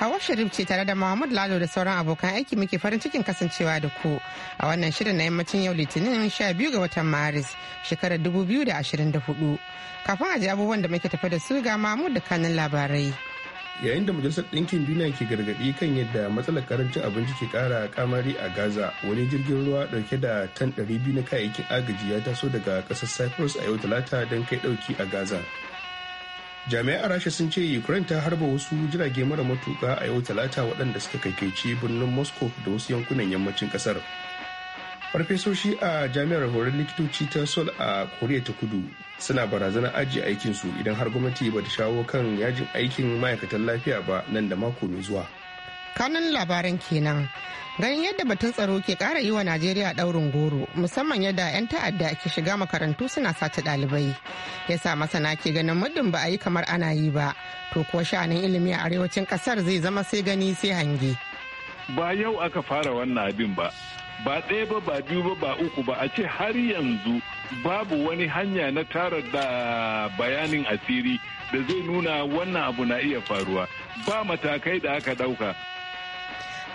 Hawa Sharif ce tare da mahmud Lalo da sauran abokan aiki muke farin cikin kasancewa da ku a wannan shirin na yammacin yau Litinin 12 ga watan Maris shekarar 2024. Kafin a ji abubuwan da muke tafa da su ga Mahmud da kanin labarai. Yayin da Majalisar Ɗinkin Duniya ke gargaɗi kan yadda matsalar karancin abinci ke ƙara kamari a Gaza, wani jirgin ruwa ɗauke da tan 200 na kayayyakin agaji ya taso daga ƙasar Cyprus a yau Talata don kai ɗauki a Gaza. jami'an rasha sun ce ukraine ta harba wasu jirage mara matuka a yau talata waɗanda suka kaikaici birnin moscow da wasu yankunan yammacin ƙasar farfesoshi a jami'ar horar likitoci ta sol a koriya ta kudu suna barazanar ajiye aikinsu idan har gwamnati ba ta shawo kan yajin aikin ma'aikatan lafiya ba nan da mako mai zuwa kanan labaran kenan ganin yadda batun tsaro ke kara yi wa najeriya daurin goro musamman yadda 'yan ta'adda ke shiga makarantu suna sace dalibai ya sa masana ke ganin muddin ba a yi kamar ana yi ba to kuwa sha'anin ilimi a arewacin kasar zai zama sai gani sai hange ba yau aka fara wannan abin ba ba ɗaya ba ba biyu ba ba uku ba a ce har yanzu babu wani hanya na tara da bayanin asiri da zai nuna wannan abu na iya faruwa ba matakai da aka ɗauka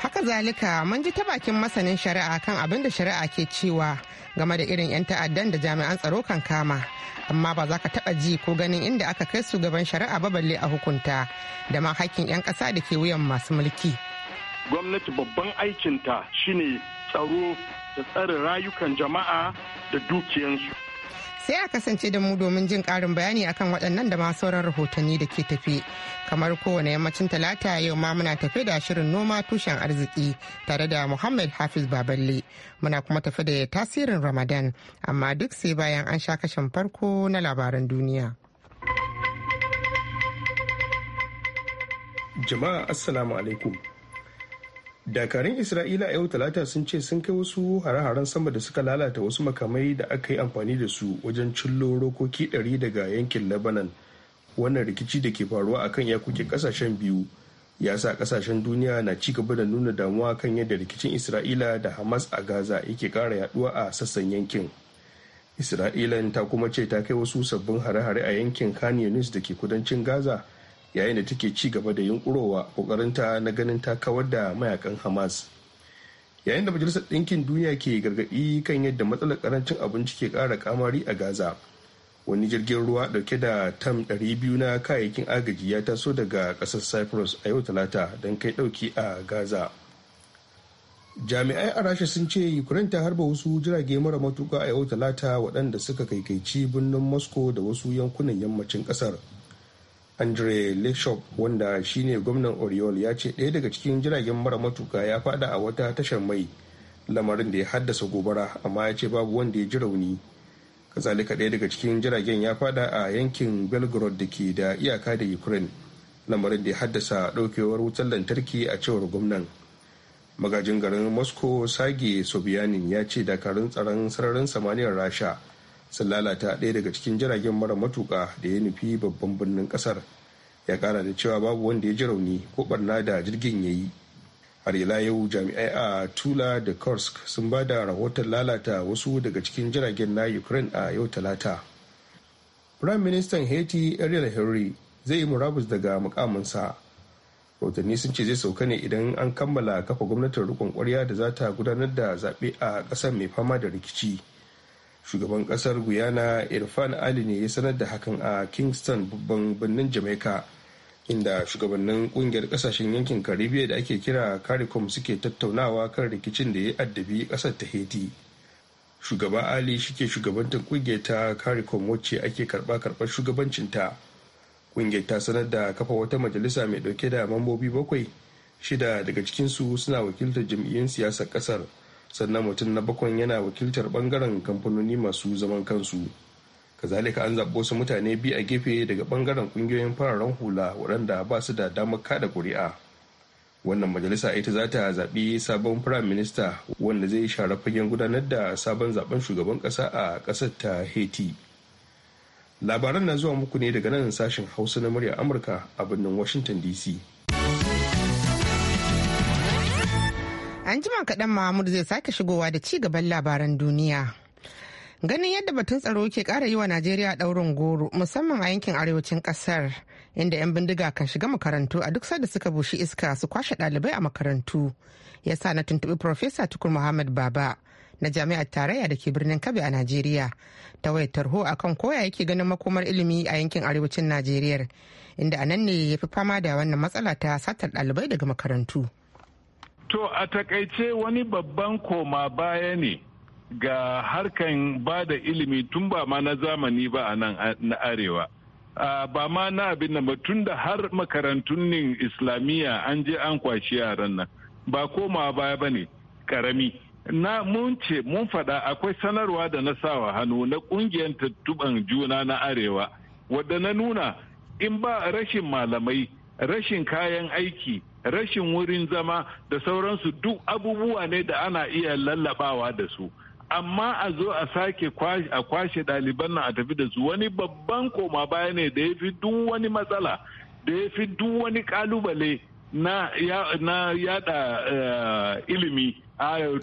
haka zalika mun ji ta bakin masanin shari'a kan abin da shari'a ke cewa game da irin 'yan ta'addan da jami'an tsaro kan kama amma ba za ka taɓa ji ko ganin inda aka kai su gaban shari'a ba balle a hukunta da ma hakkin 'yan ƙasa da ke wuyan masu mulki gwamnati babban aikinta shine tsaro da tsare rayukan jama'a da dukiyansu sai a kasance da mu domin jin karin bayani akan waɗannan da masu sauran rahotanni da ke tafi kamar kowane yammacin talata yau ma muna tafe da shirin noma tushen arziki tare da muhammad hafiz baballe muna kuma tafe da tasirin ramadan amma duk sai bayan an sha kashin farko na labaran duniya jama'a assalamu alaikum dakarun isra'ila a yau talata sun ce sun kai wasu hare-haren sama da suka lalata wasu makamai da aka yi amfani da su wajen cillo rokoki 100 daga yankin lebanon wannan rikici da ke faruwa akan yakokin kasashen biyu ya sa kasashen duniya na ci gaba da nuna damuwa kan yadda rikicin isra'ila da hamas a gaza yake kara yaduwa a sassan yankin isra'ila ta kuma ce ta kai wasu sabbin hare-hare a yankin khan yunis da ke kudancin gaza yayin da take ci gaba da yunkurowa kokarinta na ganin ta kawar da mayakan hamas yayin da majalisar ɗinkin duniya ke gargaɗi kan yadda matsalar karancin abinci ke ƙara kamari a gaza wani jirgin ruwa ɗauke da tam 200 na kayayyakin agaji ya taso daga ƙasar cyprus a yau talata don kai ɗauki a gaza jami'ai a rasha sun ce ukraine ta harba wasu jirage mara matuka a yau talata waɗanda suka kaikaici birnin moscow da wasu yankunan yammacin ƙasar andre leshop wanda shine gwamnan oriol ya ce ɗaya daga cikin jiragen mara matuka ya fada a wata tashar mai lamarin da ya haddasa gobara amma ya ce babu wanda ya ji rauni kazalika ɗaya daga cikin jiragen ya fada a yankin belgrade da ke da iyaka da ukraine lamarin da ya haddasa ɗaukewar wutar lantarki a cewar gwamnan magajin garin moscow sage sobianin ya ce dakarun tsaron sararin samaniyar rasha sun lalata ɗaya daga cikin jiragen mara matuƙa da ya nufi babban birnin ƙasar ya kara da cewa babu wanda ya ji rauni ko barna da jirgin ya yi har ila yau jami'ai a tula da kursk sun ba da rahoton lalata wasu daga cikin jiragen na ukraine a yau talata prime minister haiti ariel henry zai yi murabus daga mukaminsa rahotanni sun ce zai sauka ne idan an kammala kafa gwamnatin riƙon ƙwarya da za ta gudanar da zaɓe a ƙasar mai fama da rikici shugaban kasar guyana irfan ali ne ya sanar da hakan a kingston babban birnin jamaica inda shugabannin kungiyar kasashen yankin caribbean da ake kira caricom suke tattaunawa kan rikicin da ya addabi kasar ta haiti shugaba ali shike shugabantar kungiyar ta caricom wacce ake karba karbar shugabancinta kungiyar ta sanar da kafa wata majalisa mai dauke da mambobi bakwai shida daga cikinsu suna wakiltar jam'iyyun siyasar kasar sannan mutum na bakon yana wakiltar bangaren kamfanoni masu zaman kansu kazalika an zaɓi wasu mutane biyu a gefe daga bangaren ƙungiyoyin fararen hula waɗanda ba su da damar kada ƙuri'a wannan majalisa ita za ta zaɓi sabon firayim minista wanda zai share fagen gudanar da sabon zaben shugaban ƙasa a ƙasar ta haiti labaran na zuwa muku ne daga nan sashen hausa na murya amurka a birnin washington dc An kaɗan Mahmud zai sake shigowa da ci gaban labaran duniya. Ganin yadda batun tsaro ke kara yi wa Najeriya ɗaurin goro musamman a yankin arewacin ƙasar inda 'yan bindiga kan shiga makarantu a duk sanda suka bushi iska su kwashe ɗalibai a makarantu. Ya sa na tuntuɓi Profesa Tukur Muhammad Baba na jami'ar tarayya da ke birnin Kabe a Najeriya ta wayar tarho akan koya yake ganin makomar ilimi a yankin arewacin Najeriya inda a nan ne ya fi fama da wannan matsala ta satar ɗalibai daga makarantu. To a takaice wani babban koma baya ne ga harkan ba da ilimi tun ba ma na zamani ba a nan na arewa. ba ma na abin da tun da har makarantun nin islamiyya an je an kwashi yaran nan ba koma baya ba ne karami. Na mun ce mun faɗa akwai sanarwa da na sawa hannu na ƙungiyar tattuban juna na arewa wadda na nuna in ba rashin malamai rashin kayan aiki rashin wurin zama da sauransu duk abubuwa ne da ana iya lallabawa da su amma a zo a sake a kwashe ɗaliban nan a tafi da su wani babban koma baya ne da ya fi duk wani matsala da ya fi duk wani kalubale na yada eh, ilimi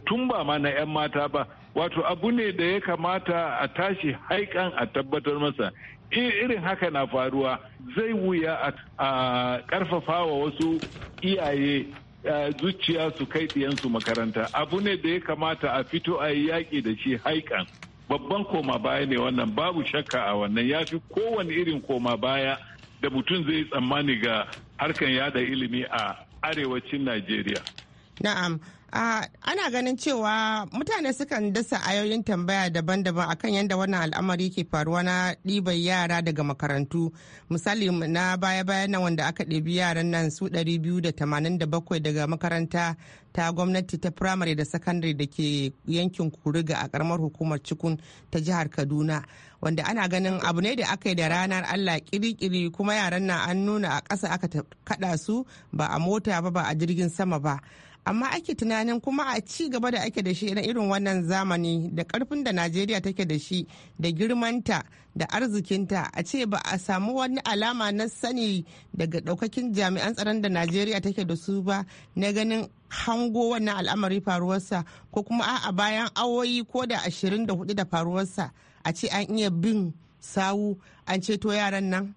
tun ba ma na 'yan mata ba wato abu ne da ya kamata a tashi haikan a tabbatar masa irin haka na faruwa zai wuya a karfafa wa wasu iyaye eh, zuciya su kai ɗiyansu makaranta abu ne da ya kamata a fito a yi yaƙi da shi haikan babban koma baya ne wannan babu shakka a wannan ya fi kowane irin koma baya da mutum zai tsammani ga harkan yada ilimi a arewacin Najeriya. Na'am, ana ganin cewa mutane sukan dasa ayoyin tambaya daban-daban akan yadda wannan al'amari ke faruwa na ɗiban yara daga makarantu misali na baya-bayan nan wanda aka ɗebi yaran nan su 287 daga makaranta ta gwamnati ta firamare da sakandare da ke yankin kuriga a karamar hukumar cikun ta jihar kaduna wanda ana ganin abu ne da aka yi da ranar allah kirikiri kuma yaran nan an nuna a ƙasa aka kaɗa su ba a mota ba ba a jirgin sama ba amma ake tunanin kuma a ci gaba da ake da shi na irin wannan zamani da karfin da najeriya take da shi da girmanta da arzikinta a ce ba a samu wani alama na sani daga daukakin jami'an tsaron da najeriya take da su ba na ganin hango wannan al'amari faruwarsa ko kuma a bayan awoyi ko da ashirin da hudu da faruwarsa a ce an iya bin sawu an ceto yaran nan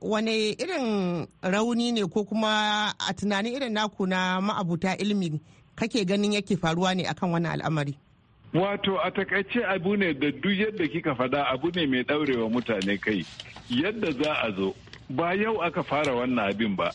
wane irin rauni ne ko kuma a tunanin irin naku na ma'abuta ilimi kake ganin yake faruwa ne akan wannan al'amari wato a takaice abu ne da duk yadda kika faɗa abu ne mai ɗaurewa mutane kai yadda za a zo ba yau aka fara wannan abin ba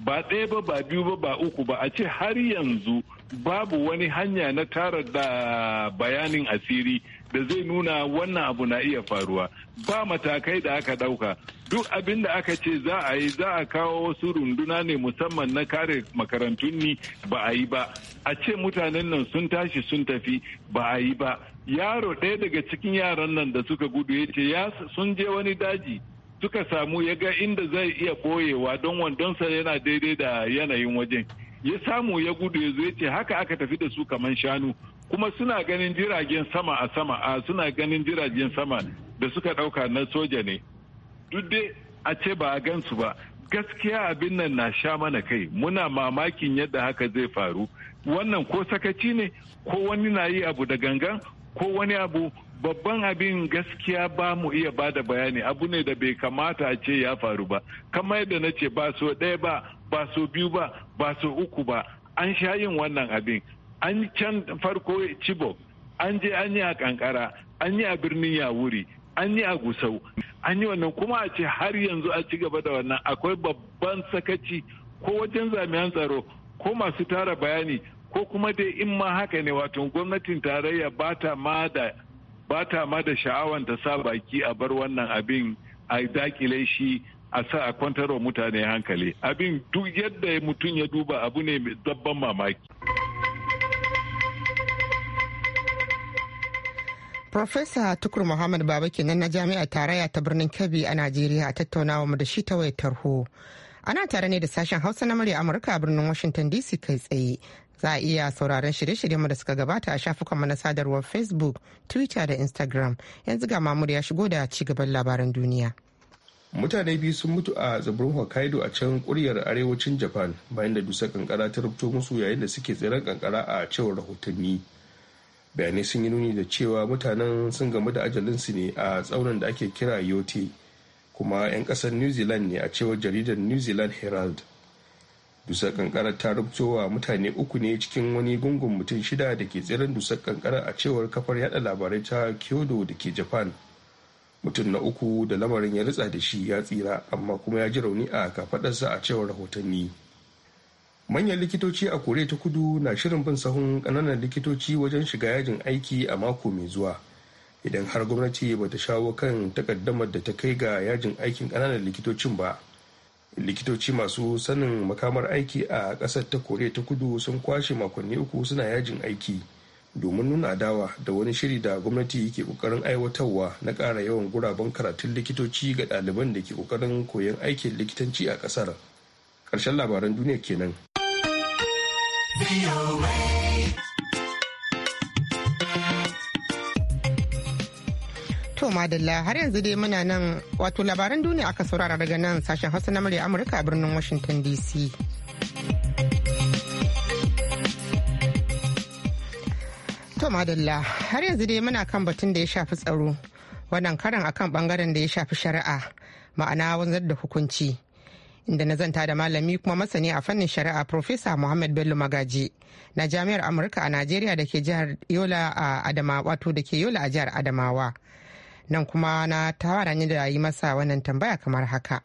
ba ɗaya ba ba biyu ba ba uku ba a ce har yanzu babu wani hanya na tara da bayanin asiri da zai nuna wannan abu na iya faruwa ba matakai da aka ɗauka duk abin da aka ce za a yi za a kawo wasu runduna ne musamman na kare makarantun ni ba a yi ba a ce mutanen nan sun tashi sun tafi ba a yi ba yaro ɗaya daga cikin yaran nan da suka gudu ya ce sun je wani daji suka samu ya ga inda zai iya ɓoyewa don wandonsa yana daidai da yanayin wajen ya samu ya gudu ya zo ya ce haka aka tafi da su kamar shanu kuma suna ganin jiragen sama a sama a suna ganin jiragen sama da suka ɗauka na soja ne duk dai a ce ba a gansu ba gaskiya abin nan na sha mana kai muna mamakin yadda haka zai faru wannan ko sakaci ne ko wani na yi abu da gangan ko wani abu babban abin gaskiya ba mu iya ba da bayani abu ne da bai kamata a ce ya faru ba kamar yadda na ce ba so ɗaya ba ba so biyu ba ba so uku ba an sha yin wannan abin an can farko chibok an je an yi a kankara an yi a birnin yawuri an yi a gusau an yi wannan kuma a ce har yanzu a ci gaba da wannan akwai babban sakaci ko wajen zamiyan tsaro ko masu tara bayani ko kuma dai in ma haka ne wato gwamnatin tarayya ba ta ma da sha'awan ta sa baki a bar wannan abin a dakile shi a sa a kwantarwa mutane hankali abin duk yadda mutum ya duba abu ne dabban mamaki. Profesa Tukur Muhammad Baba kenan na Jami'ar Tarayya ta birnin Kebbi a Najeriya a tattaunawa mu da shi ta wayar tarho. Ana tare ne da sashen Hausa na murya Amurka a birnin Washington DC kai tsaye. Za a iya sauraron shirye-shirye mu da suka gabata a shafukan mu na sadarwar Facebook, Twitter da Instagram. Yanzu ga Mamur ya shigo da ci gaban labaran duniya. Mutane biyu sun mutu a tsibirin Hokkaido a can kuryar arewacin Japan bayan da dusar kankara ta rubuto musu yayin da suke tseren kankara a cewar rahotanni. bayanai sun yi nuni da cewa mutanen sun gamu da ajalinsu ne a tsaunin da ake kira yote kuma 'yan kasar new zealand ne a cewar jaridar new zealand herald dusar kankarar ta rubtowa mutane uku ne cikin wani gungun mutum shida da ke tseren dusar kankara a cewar kafar yada labarai ta kyodo da ke japan mutum na uku da lamarin ya ritsa da shi ya tsira amma kuma ya ji rauni a kafadarsa a cewar rahotanni manyan likitoci a koreya ta kudu na shirin bin sahun kananan likitoci wajen shiga yajin aiki a mako mai zuwa idan har gwamnati ba ta shawo kan takaddamar da ta kai ga yajin aikin kananan likitocin ba likitoci masu sanin makamar aiki a ƙasar ta koreya ta kudu sun kwashe makonni uku suna yajin aiki domin nuna adawa da wani shiri da gwamnati ke kokarin aiwatarwa na ƙara yawan guraben karatun likitoci ga ɗaliban da ke ƙoƙarin koyon aikin likitanci a ƙasar ƙarshen labaran duniya kenan To madalla har yanzu dai muna nan wato labaran duniya aka saurara daga nan sashen hausa na murya Amurka a birnin Washington DC. To madalla har yanzu dai muna kan batun da ya shafi tsaro wannan karan akan bangaren da ya shafi shari'a ma'ana wanzar da hukunci inda na zanta da malami kuma masani a fannin shari'a Profesa Muhammad Bello Magaji na Jami'ar Amurka a Najeriya da ke jihar Yola a Adamawa wato da ke Yola a jihar Adamawa. Nan kuma na tawara ni da yi masa wannan tambaya kamar haka.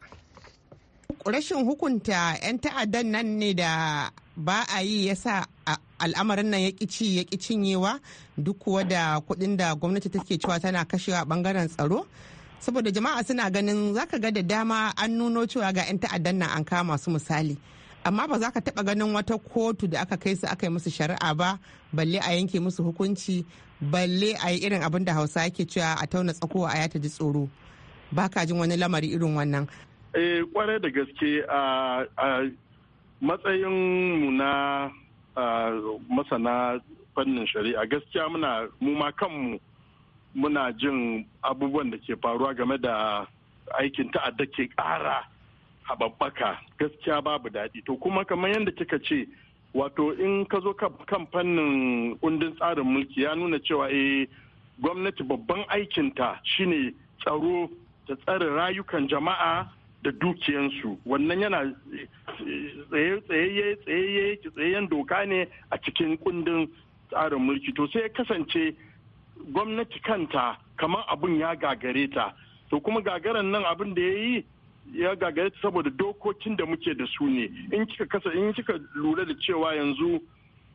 Rashin hukunta 'yan ta'addan nan ne da ba a yi yasa al'amarin nan ya ci ya cinyewa duk kuwa da kuɗin da gwamnati take cewa tana kashewa bangaren tsaro saboda jama'a suna ganin zaka ga da dama an nuno cewa ga 'yan ta'addan nan an kama su misali amma ba za ka taɓa ganin wata kotu da aka kai su aka yi musu shari'a ba balle a yanke musu hukunci balle a yi irin abin da hausa yake cewa a tauna tsako a ya ta ji tsoro ba ka jin wani lamari irin wannan eh kwarai da gaske a matsayin mu na masana fannin shari'a gaskiya muna mu ma kanmu muna jin abubuwan da ke faruwa game da aikin ta'adda ke ƙara haɓaɓɓaka gaskiya babu daɗi to kuma kamar yadda kika ce wato in ka zo kan fannin kundin tsarin mulki ya nuna cewa eh gwamnati babban aikinta shine tsaro ta tsare rayukan jama'a da dukiyansu wannan yana eh, eh, tsayayyen doka ne a cikin kundin tsarin mulki to sai ya kasance gwamnati kanta kamar abin ya gagare ta to kuma gagaran nan abin da ya yi ya gagare ta saboda dokokin da muke da su ne in kika kasa in kika lura da cewa yanzu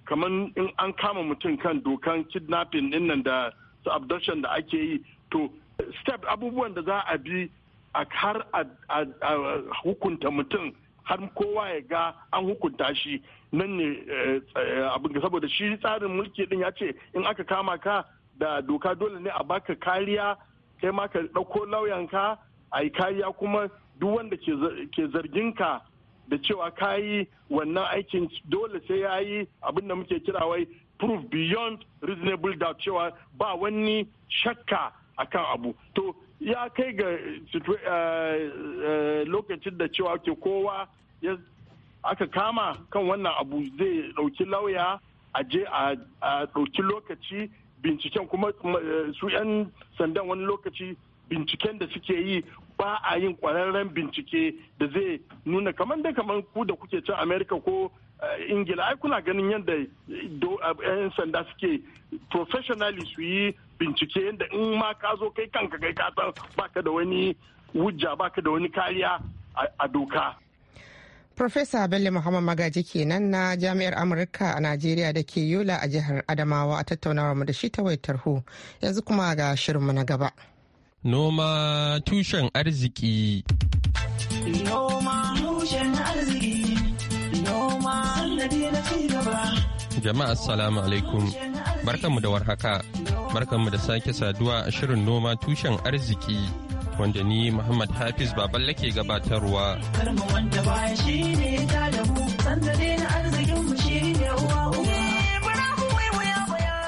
kamar in an kama mutum kan dokan kidnapping din nan da su abduction da ake yi to step abubuwan da za a bi a har a hukunta mutum har kowa ya ga an hukunta shi nan ne eh, eh, abin saboda shi tsarin mulki din ya ce in aka kama ka da doka dole ne a baka kariya kai ma ka ɗauko lauyanka a yi kariya kuma duk wanda ke zargin ka da cewa ka yi wannan aikin dole sai ya yi abin muke kira wai proof beyond reasonable doubt cewa ba wani shakka akan abu to ya kai ga eh, eh, lokacin da cewa ke kowa ya aka kama kan wannan abu zai ɗauki lauya a je a ɗauki lokaci binciken kuma eh, su 'yan sandan wani lokaci binciken da suke yi ba a yin kwararren bincike da zai nuna kamar da kamar ku da kuke cin america ko eh, ingila ai kuna ganin yadda eh, 'yan sanda suke professionally su yi bincike yadda in ma ka zo kai kanka kai ka san baka da wani wujja baka da wani kariya a doka Profesa Bello Muhammad Magaji kenan na Jami'ar Amurka a Najeriya da ke Yola a jihar Adamawa a tattaunawarmu mu da shi ta wai tarho. Yanzu kuma ga shirinmu na gaba. Noma tushen arziki. Jama'a assalamu alaikum. Barkanmu da warhaka. Barkanmu da sake saduwa a shirin noma tushen arziki. wanda ni Muhammad Hafiz Baballe lake gabatarwa.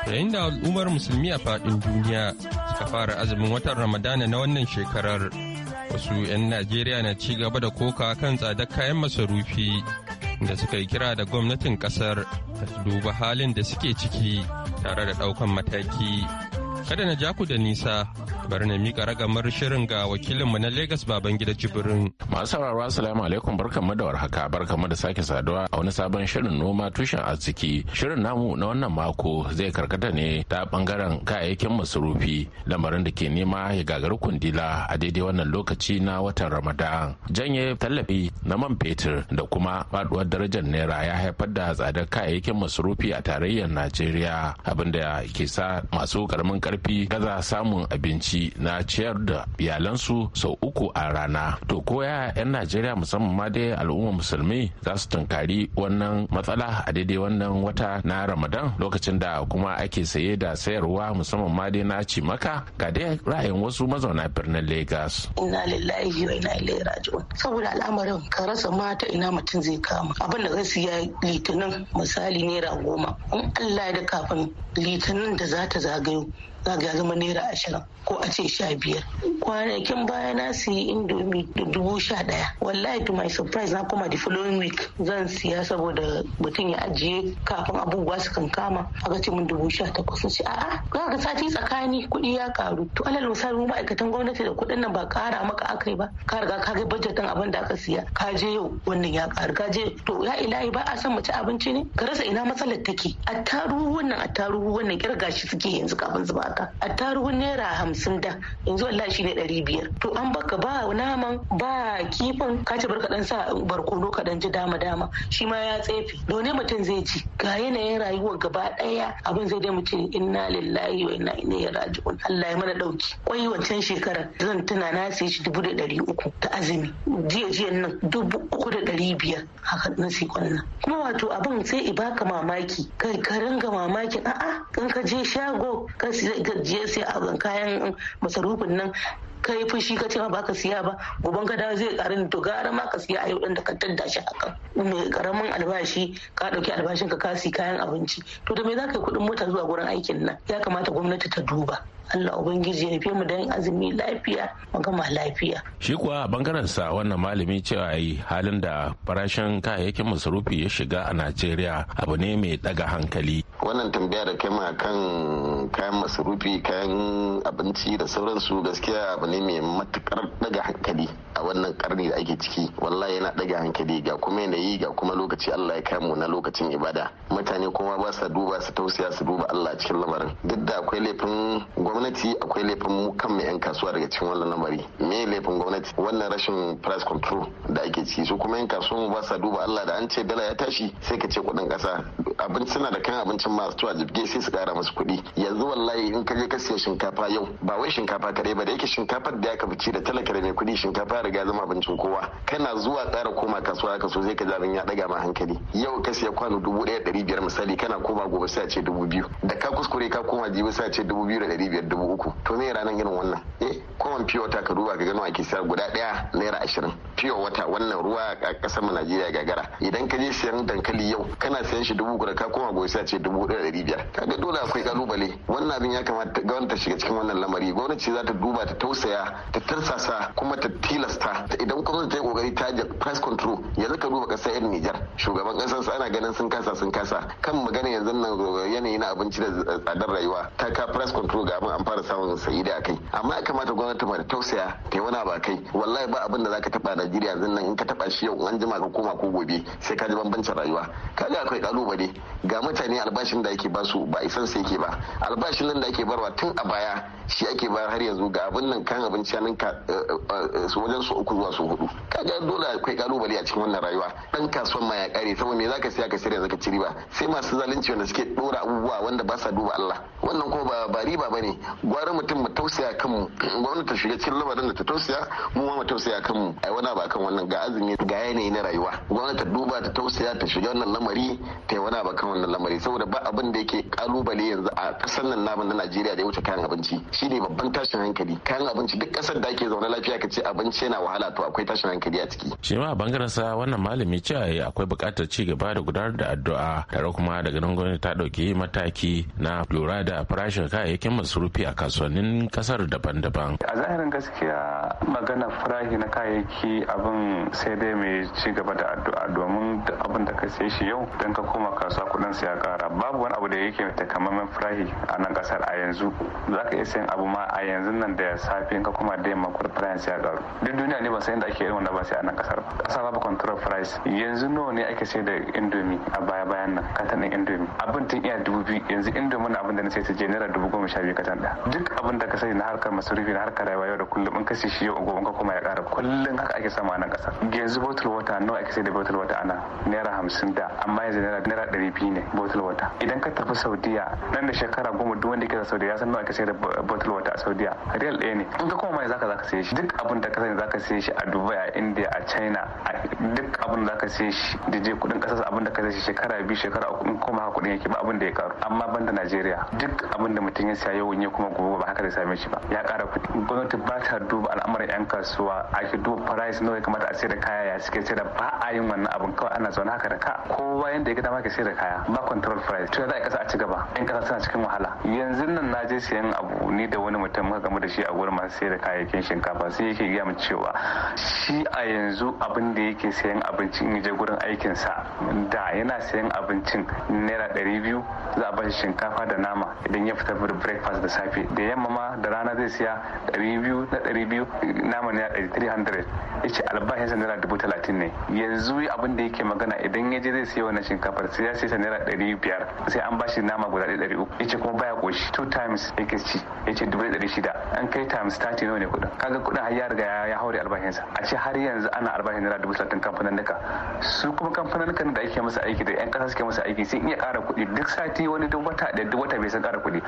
Eh, Yayin da al'ummar musulmi a faɗin duniya suka fara azumin watan Ramadana na wannan shekarar, wasu 'yan Najeriya na ci gaba da koka kan tsadar kayan masarufi. da suka yi kira da gwamnatin ƙasar da su duba halin da suke ciki tare da daukan mataki. Kada na ja ku da nisa bari ne mika ragamar shirin ga wakilinmu na Legas Babangida Jibrin. Masu sauraro assalamu alaikum barkamu da warhaka barkamu da sake saduwa a wani sabon shirin noma tushen arziki. Shirin namu na wannan mako zai karkata ne ta bangaren kayayyakin masarufi lamarin da ke nema ya gagari kundila a daidai wannan lokaci na watan Ramadan. Janye tallafi na man fetur da kuma faduwar darajar naira ya haifar da tsadar kayayyakin masarufi a tarayyar Najeriya abinda ke sa masu karamin karfi gaza samun abinci na ciyar da iyalansu sau uku a rana to koya 'yan najeriya musamman ma dai al'umma musulmi za su tunkari wannan matsala a daidai wannan wata na ramadan lokacin da kuma ake saye da sayarwa musamman ma dai na cimaka ga dai ra'ayin wasu mazauna birnin lagos inna lillahi wa inna ilaihi raji'un saboda al'amarin ka rasa mata ina mutum zai kama abin da siya litinin misali naira goma in allah da kafin litinin da za ta zagayo za ga zama naira ashirin ko a ce sha biyar kwanakin baya na siyi indomi da dubu sha daya wallahi to my surprise na koma the following week zan siya saboda mutum ya ajiye kafin abubuwa su kankama a ce mun dubu sha takwas sun ce a'a za ga sati tsakani kuɗi ya karu to alal misali mu ma'aikatan gwamnati da kuɗin nan ba ƙara maka yi ba ka riga ka ga budget abin da aka siya ka je yau wannan ya ƙaru ka je to ya ilahi ba a son mace abinci ne ka rasa ina matsalar take taruhu wannan a taruhu wannan kirga shi suke yanzu kafin zuba baka a taruhun naira hamsin da yanzu shi ne ɗari biyar to an baka ba naman ba kifin ka ci barka dan sa barkono kaɗan ji dama dama shi ma ya tsefe ne mutum zai ci ga yanayin rayuwar gaba daya abin zai dai mutum inna lillahi wa inna ilaihi raji'un Allah ya mana dauki kwai wancan shekarar zan tuna na sai shi dubu da ɗari uku ta azumi jiya jiya nan dubu uku da ɗari biyar haka na sai kwanna kuma wato abin sai i baka mamaki kai ka ringa mamakin a'a kan ka je shago ka je sai a kayan masarufin nan kai fushi ka ce ba baka siya ba gobe ka dawo zai karin to gara ma ka siya a yau da ka tadda shi kan mai karamin albashi ka dauki albashin ka kasi kayan abinci to da me za ka yi kuɗin mota zuwa gurin aikin nan ya kamata gwamnati ta duba Allah Ubangiji ya fi mu don azumi lafiya mu gama lafiya. Shi kuwa bangaren sa wannan malami cewa yi halin da farashin kayayyakin masarufi ya shiga a Najeriya abu ne mai daga hankali wannan tambaya da kai kan kayan masarufi kayan abinci da sauransu gaskiya abu ne mai matukar daga hankali a wannan karni da ake ciki wallahi yana daga hankali ga kuma yanayi ga kuma lokaci Allah ya kai mu na lokacin ibada mutane kuma ba sa duba su tausaya su duba Allah cikin lamarin duk da akwai laifin gwamnati akwai laifin mu kan mai yan kasuwa daga cikin wannan lamari me laifin gwamnati wannan rashin price control da ake ciki su kuma yan kasuwa mu ba sa duba Allah da an ce dala ya tashi sai ka ce kuɗin kasa abinci suna da kan abinci kasashen masu tuwa jirgin sai su kara musu kuɗi yanzu wallahi in ka je ka siya shinkafa yau ba wai shinkafa kare ba da yake shinkafar da ya ka fice da talaka da mai kuɗi shinkafa riga zama abincin kowa kana zuwa tsara koma kasuwa ka so zai ka zaɓin ya ɗaga ma hankali yau ka siya kwano dubu ɗaya ɗari biyar misali kana koma gobe sai a ce dubu biyu da ka kuskure ka koma jibi sai a ce dubu biyu da ɗari biyar dubu uku to me ranar irin wannan eh kowan fiye wata ka duba ka gano ake siyar guda ɗaya naira ashirin fiye wata wannan ruwa a ƙasar mu Najeriya gagara idan ka je siyan dankali yau kana siyan shi dubu guda ka koma gobe sai a ce dubu dubu ɗaya biyar kaga dole akwai kalubale wannan abin ya kamata gwamnati ta shiga cikin wannan lamari gwamnati za ta duba ta tausaya ta tarsasa kuma ta tilasta idan gwamnati ta yi kokari ta ji price control yanzu ka duba kasar irin Nijar shugaban kasar su ana ganin sun kasa sun kasa kan magana yanzu nan yanayi na abinci da tsadar rayuwa ta ka price control ga abin an fara samun sayi da kai amma ya kamata gwamnati ta tausaya ta yi wani ba kai wallahi ba abin da zaka taba Najeriya yanzu nan in ka taba shi yau an jima ka koma ko gobe sai ka ji bambancin rayuwa kaga akwai kalubale ga mutane albashi albashin da ake basu ba isan sai yake ba albashin nan da ake barwa tun a baya shi ake bayar har yanzu ga abin nan kan abinci nan ka eh, eh, eh, su wajen su uku zuwa su hudu kaga dole akwai kalubale a cikin wannan rayuwa dan kasuwan ma ya kare saboda me zaka siya ka sirri zaka ciri ba sai masu zalunci wanda suke dora abubuwa wanda ba sa duba Allah wannan ko ba ba riba bane gwara mutum mu tausaya kanmu gwamnati ta shiga cikin lamarin da ta tausaya mu ma mu tausaya kanmu ai wani ba kan wannan ga azumi ga yanayi na rayuwa gwamnati ta duba ta tausaya ta shiga wannan lamari ta yi wani ba kan wannan lamari saboda ba abin da yake kalubale yanzu a kasar nan namu na Najeriya da ya wuce kayan abinci shine babban tashin hankali kayan abinci duk kasar da ake zaune lafiya ka ce abinci yana wahala to akwai tashin hankali a ciki shi ma a bangaren sa wannan malami ce akwai buƙatar ci gaba da gudanar da addu'a tare kuma daga nan gwamnati ta dauki mataki na lura da farashin kayayyakin masarufi a kasuwannin kasar daban-daban a zahirin gaskiya magana farashi na kayayyaki abin sai dai mai ci gaba da addu'a domin abin da ka sai shi yau dan ka koma kasuwa kudin sai ya kara. ba babu wani abu da yake takamaiman firayi a nan kasar a yanzu za ka iya sayan abu ma a yanzu nan da safe ka kuma da yamma kuma price ya karu duk duniya ne ba sai inda ake irin wanda ba sai a nan kasar ba kasa babu control price yanzu nawa ne ake sai da indomi a baya bayan nan katan din indomi abin tun iya dubu biyu yanzu indomi na abin da na sai ta je naira dubu goma sha biyu katan da duk abin da ka sani na harkar masarufi na harkar rayuwa yau da kullum in ka sai shi yau in ka kuma ya kara kullum haka ake samu a nan kasar yanzu bottle water nawa ake sai da bottle water ana naira hamsin da amma yanzu naira ɗari biyu ne bottle water idan ka tafi saudiya nan da shekara goma duk wanda ke da saudiya san nawa ka sayar da bottle water a saudiya real ɗaya ne in ka koma mai zaka zaka saye shi duk abin da ka sani zaka saye shi a dubai a india a china duk abin da zaka saye shi da je kudin kasar abin da ka saye shi shekara biyu shekara uku in koma haka kudin yake ba abin da ya karu amma ban da najeriya duk abin da mutum ya siya yau ne kuma gobe ba haka da same shi ba ya kara kudi gwamnati ba ta duba al'amuran yan kasuwa ake duba price nawa ya kamata a sayar da kaya ya suke sayar da ba a yin wannan abin kawai ana zaune haka da ka kowa yanda ya ga dama ka sayar da kaya ba control price da za a kasa a ci gaba yan kasa suna cikin wahala yanzu nan na je siyan abu ni da wani mutum muka gamu da shi a gurin masu sayar da kayayyakin shinkafa sai yake gaya min cewa shi a yanzu abin da yake sayan abinci in je gurin sa da yana sayan abincin naira ɗari biyu za a bashi shinkafa da nama idan ya fita da breakfast da safe da yamma ma da rana zai siya ɗari biyu na ɗari biyu nama naira ɗari tiri hundred ya ce naira dubu talatin ne yanzu abin da yake magana idan ya je zai siya wannan shinkafar sai ya siya naira ɗari biyar sai an bashi nama guda ɗari uku yace kuma baya koshi two times yake ci yace dubu ɗari shida an kai times thirty nawa ne kuɗin kaga kuɗin har ya riga ya haure albashinsa a ce har yanzu ana albashin naira dubu talatin kamfanin naka su kuma kamfanin naka da ake masa aiki da yan ƙasa suke masa aiki sun iya ƙara kuɗi duk sati wani duk wata da duk wata bai san ƙara kuɗi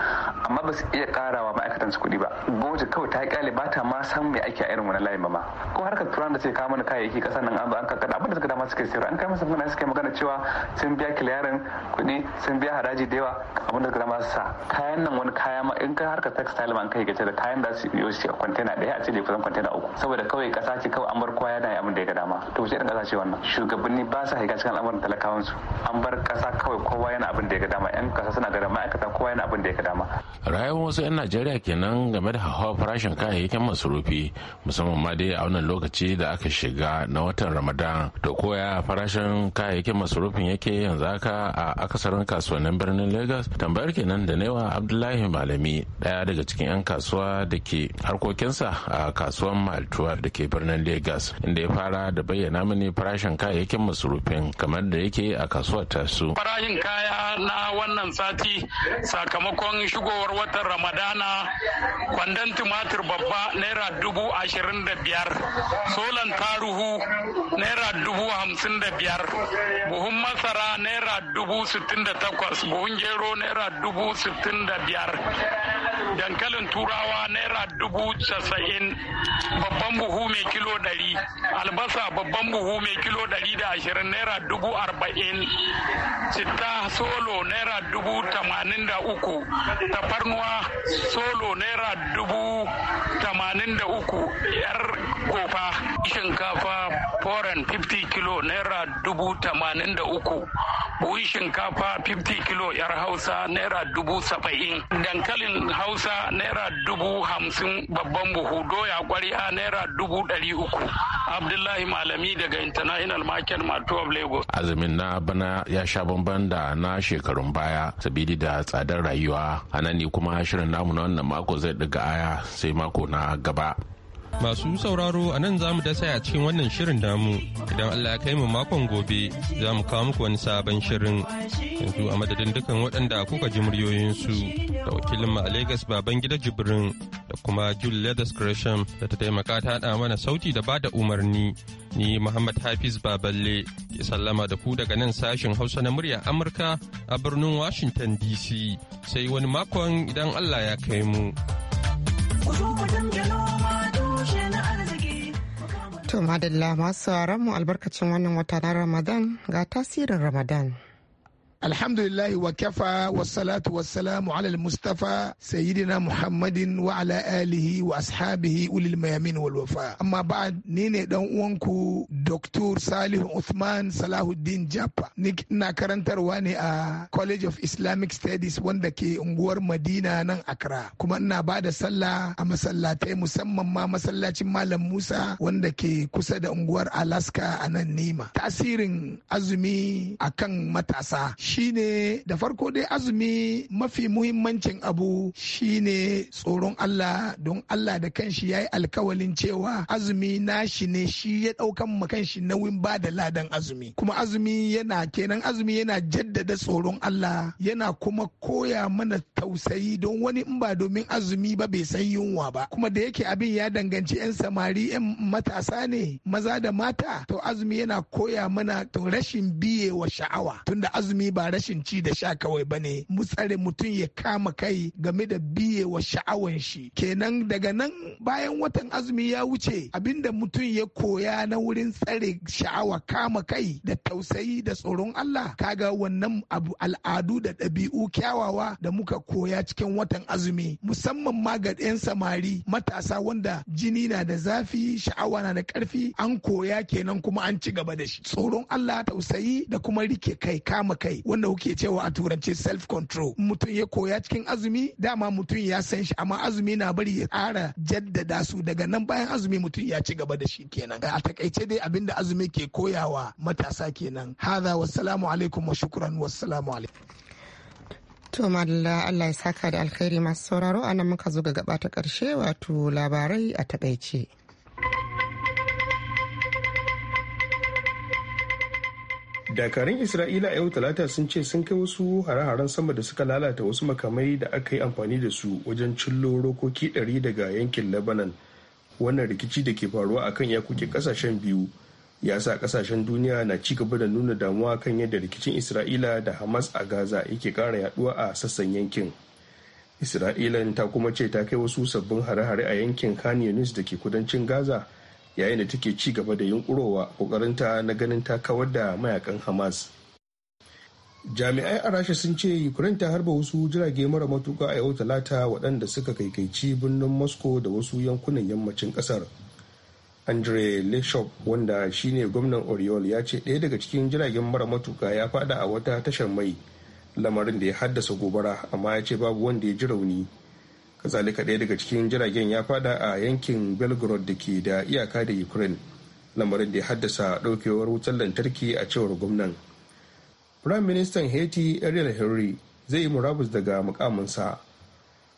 amma ba su iya ƙarawa ma'aikatan su kuɗi ba gwamnati kawai ta kyale ba ta ma san me ake a irin wani layin ba ma ko harkar turan da suke kawo mana kayayyaki ƙasa nan an ba an kakkar abin da suka dama suke sayar an kai masa magana suke magana cewa sun biya kiliyarin kuɗi sun biya haraji da yawa abin da zama sa kayan nan wani kaya ma in ka harka textile man kai gace da kayan da su yi shi a kwantena ɗaya a ce da kusan kwantena uku saboda kawai ƙasa ce kawai an bar kowa abin da ya ga dama to sai irin ƙasa ce wannan shugabanni ba sa shiga cikin al'amuran talakawan su an bar ƙasa kawai kowa yana abin da ya ga dama yan ƙasa suna ga dama ma'aikata kowa yana abin da ya ga dama. rayuwar wasu 'yan najeriya kenan game da hawa farashin kayayyakin masarufi musamman ma dai a wannan lokaci da aka shiga na watan ramadan to koya farashin kayayyakin masarufin yake yanzu haka a akasarin ka kasuwannin birnin lagos tambayar kenan da newa abdullahi malami daya daga cikin 'yan kasuwa da ke harkokinsa a kasuwan maltuwa da ke birnin lagos inda ya fara da bayyana mini farashin kayayyakin masurufin kamar da yake a kasuwar tasu farashin kaya na wannan sati sakamakon shigowar watan ramadana kwandon tumatir babba naira dubu ashirin da biyar solan taruhu naira dubu hamsin da biyar buhun masara naira dubu sittin da takwas buhun gero naira dubu sittin da biyar dankalin turawa naira dubu casa'in babban buhu mai kilo ɗari albasa babban buhu mai kilo ɗari da ashirin naira dubu arba'in citta solo naira dubu tamanin da uku tafarnuwa solo naira dubu tamanin da uku yar kofa shinkafa koren 50 kilo naira dubu tamanin da uku buhun shinkafa 50 kilo yar hausa naira dubu saba'in dankalin hausa naira dubu hamsin babban buhu doya kwari'a naira dubu ɗari uku abdullahi malami daga international market of lagos azumin na bana ya sha bamban da na shekarun baya sabili da tsadar rayuwa a nan kuma shirin namu na wannan mako zai daga aya sai mako na gaba Masu sauraro a nan za mu dasa a cikin wannan shirin damu idan Allah ya kai mu makon gobe za mu kawo muku wani sabon shirin yanzu a madadin dukan waɗanda kuka ji muryoyinsu da wakilin mu a Legas baban gida Jibrin da kuma Julia Discretion da ta taimaka ta haɗa mana sauti da bada umarni ni Muhammad Hafiz Baballe ke sallama da ku daga nan sashin Hausa na murya Amurka a birnin Washington DC sai wani makon idan Allah ya kai mu. To madalla masu mu albarkacin wannan wata na Ramadan ga tasirin Ramadan. alhamdulillahi wa kafa wassalatu wassalamu ala mustafa sayyidina muhammadin wa ala alihi wa ashabihi ulil mayamin wal wafa amma ba ni dan uwanku dr salihu uthman salahuddin jaffa ni ina karantarwa ne a college of islamic studies wanda ke unguwar madina nan accra kuma ina ba da sallah a masallatai musamman ma masallacin malam musa wanda ke kusa da unguwar alaska a nan nima tasirin azumi akan matasa shine da farko dai azumi mafi muhimmancin abu shine tsoron Allah don Allah da kanshi ya yi alkawalin cewa azumi nashi ne shi ya ɗaukan ma kanshi nauyin ba da ladan azumi kuma azumi yana kenan azumi yana jaddada tsoron Allah yana kuma koya mana tausayi don wani in ba domin azumi ba bai san yunwa ba kuma da yake abin ya danganci 'yan samari 'yan matasa ne maza da mata to azumi yana koya mana to rashin biye wa sha'awa tunda azumi ba ba rashin ci da sha kawai ba ne mu tsare mutum ya kama kai game da biye wa sha'awan shi kenan daga nan bayan watan azumi ya wuce abinda mutum ya koya na wurin tsare sha'awa kama kai da tausayi da tsoron Allah kaga wannan abu al'adu da ɗabi'u kyawawa da muka koya cikin watan azumi musamman ma ga 'yan samari matasa wanda jini na da zafi sha'awa na da ƙarfi an koya kenan kuma an ci gaba da shi tsoron Allah tausayi da kuma rike kai kama kai wanda kuke cewa a turance self control mutum ya koya cikin azumi dama mutum ya san shi amma azumi na bari ya ƙara jaddada su daga nan bayan azumi mutum ya ci gaba da shi kenan a takaice dai abinda azumi ke koyawa matasa kenan hadha wassalamu alaikum wa shukran wassalamu alaikum To madalla Allah ya saka da alkhairi masu sauraro a muka zo ga gaba ta ƙarshe wato labarai a takaice. dakarun isra'ila yau talata sun ce sun kai wasu hare-haren sama da suka lalata wasu makamai da aka yi amfani da su wajen cillo rokoki 100 daga yankin lebanon wannan rikici da ke faruwa akan 'ya kuke kasashen biyu ya sa kasashen duniya na ci gaba da nuna damuwa kan yadda rikicin isra'ila da hamas a gaza yake kara yaduwa a sassan yankin isra'ila ta kuma ce ta kai wasu sabbin hare-hare a yankin khan da ke kudancin gaza yayin da take ci gaba da yunkurowa kokarinta na ganin ta kawar da mayakan hamas jami'ai a rasha sun ce ukraine ta harba wasu jirage mara matuka a yau talata waɗanda suka kaikaici birnin moscow da wasu yankunan yammacin ƙasar andre leshop wanda shine gwamnan oriol ya ce ɗaya daga cikin jiragen mara matuka ya fada a wata tashar mai lamarin da ya haddasa gobara amma ya ce babu wanda ya ji rauni kazalika ɗaya daga cikin jiragen ya fada a yankin belgrade da ke da iyaka da ukraine lamarin da ya haddasa ɗaukewar wutar lantarki a cewar gwamnan prime minister haiti ariel henry zai yi murabus daga mukaminsa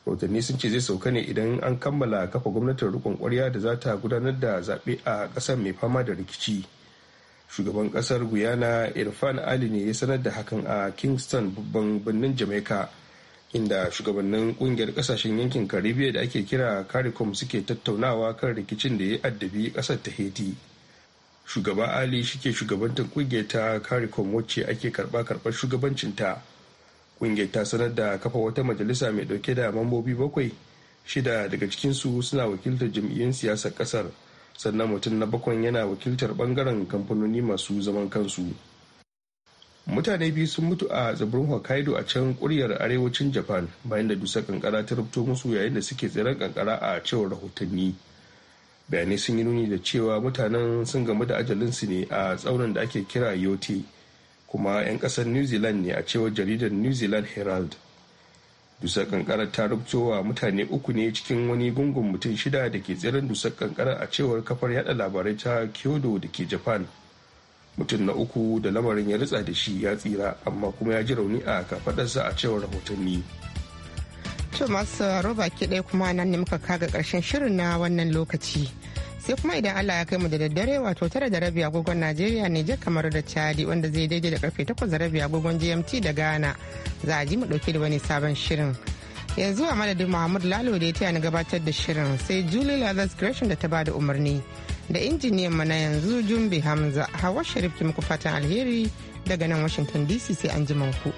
rahotanni sun ce zai sauka ne idan an kammala kafa gwamnatin rikon kwarya da za ta gudanar da zaɓe a ƙasar mai fama da rikici shugaban ƙasar guyana irfan ali ne ya sanar da hakan a kingston babban birnin jamaica inda shugabannin kungiyar kasashen yankin caribbean da ake kira caricom suke tattaunawa kan rikicin da ya addabi kasar ta haiti shugaba ali shike shugabantar kungiyar ta caricom wacce ake karba karbar shugabancinta kungiyar ta sanar da kafa wata majalisa mai dauke da mambobi bakwai shida daga cikinsu suna wakiltar jam'iyyun siyasar kasar sannan mutum na bakwai yana wakiltar bangaren kamfanoni masu zaman kansu. mutane biyu sun mutu a tsibirin hokkaido a can kuryar arewacin japan bayan da dusar kankara ta rubto musu yayin da suke tseren kankara a cewar rahotanni bayanai sun yi nuni da cewa mutanen sun gamu da ajalinsu ne a tsaunin da ake kira yote kuma 'yan kasar new zealand ne a cewar jaridar new zealand herald dusar kankara ta wa mutane uku ne cikin wani gungun mutum shida da ke tseren dusar kankara a cewar kafar yada labarai ta kyodo da ke japan mutum na uku da lamarin ya ritsa da shi ya tsira amma kuma ya ji rauni a kafadarsa a cewar rahotanni to masu roba ke ɗaya kuma nan ne muka kaga ƙarshen shirin na wannan lokaci sai kuma idan allah ya kai mu da daddare wato tara da rabi agogon najeriya nijar kamar da chadi wanda zai daidai da karfe takwas da rabi agogon gmt da ghana za a ji mu ɗauke da wani sabon shirin yanzu a madadin mahamud lalo da ya taya na gabatar da shirin sai julie lazarus gresham da ta bada umarni da injiniyan mu na yanzu jumbe hamza hawa sharif ki muku fatan alheri daga nan washington dc sai an ku.